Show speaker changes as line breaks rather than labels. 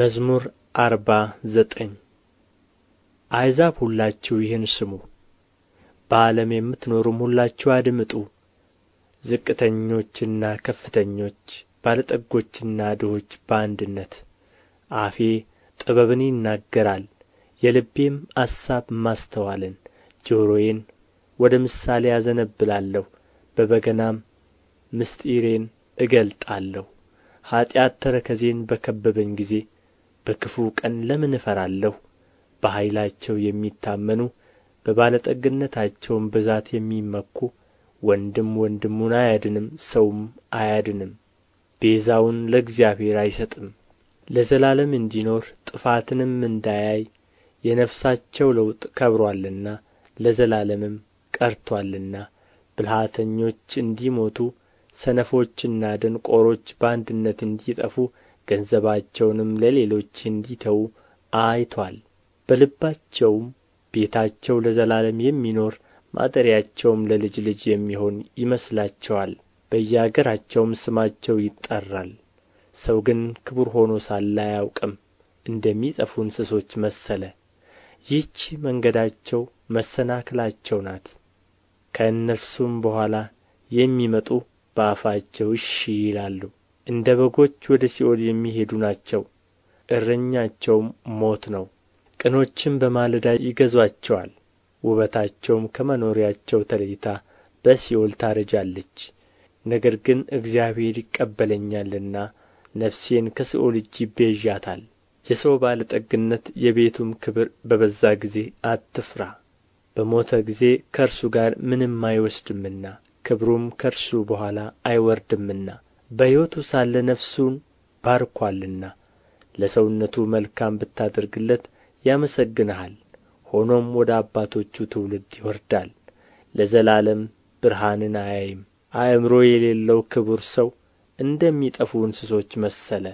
መዝሙር አርባ ዘጠኝ አሕዛብ ሁላችሁ ይህን ስሙ፣ በዓለም የምትኖሩም ሁላችሁ አድምጡ። ዝቅተኞችና ከፍተኞች፣ ባለጠጎችና ድሆች በአንድነት አፌ ጥበብን ይናገራል፣ የልቤም አሳብ ማስተዋልን። ጆሮዬን ወደ ምሳሌ አዘነብላለሁ፣ በበገናም ምስጢሬን እገልጣለሁ። ኀጢአት ተረከዜን በከበበኝ ጊዜ በክፉ ቀን ለምን እፈራለሁ በኃይላቸው የሚታመኑ በባለጠግነታቸውም ብዛት የሚመኩ ወንድም ወንድሙን አያድንም ሰውም አያድንም ቤዛውን ለእግዚአብሔር አይሰጥም ለዘላለም እንዲኖር ጥፋትንም እንዳያይ የነፍሳቸው ለውጥ ከብሮአልና ለዘላለምም ቀርቶአልና ብልሃተኞች እንዲሞቱ ሰነፎችና ደንቆሮች በአንድነት እንዲጠፉ ገንዘባቸውንም ለሌሎች እንዲተዉ አይቶአል በልባቸውም ቤታቸው ለዘላለም የሚኖር ማደሪያቸውም ለልጅ ልጅ የሚሆን ይመስላቸዋል በየአገራቸውም ስማቸው ይጠራል ሰው ግን ክቡር ሆኖ ሳለ አያውቅም እንደሚጠፉ እንስሶች መሰለ ይህች መንገዳቸው መሰናክላቸው ናት ከእነርሱም በኋላ የሚመጡ በአፋቸው እሺ ይላሉ እንደ በጎች ወደ ሲኦል የሚሄዱ ናቸው እረኛቸውም ሞት ነው ቅኖችም በማለዳ ይገዟቸዋል፣ ውበታቸውም ከመኖሪያቸው ተለይታ በሲኦል ታረጃለች ነገር ግን እግዚአብሔር ይቀበለኛልና ነፍሴን ከሲኦል እጅ ይቤዣታል የሰው ባለጠግነት የቤቱም ክብር በበዛ ጊዜ አትፍራ በሞተ ጊዜ ከእርሱ ጋር ምንም አይወስድምና ክብሩም ከእርሱ በኋላ አይወርድምና በሕይወቱ ሳለ ነፍሱን ባርኳልና ለሰውነቱ መልካም ብታደርግለት ያመሰግንሃል ሆኖም ወደ አባቶቹ ትውልድ ይወርዳል ለዘላለም ብርሃንን አያይም አእምሮ የሌለው ክቡር ሰው እንደሚጠፉ እንስሶች መሰለ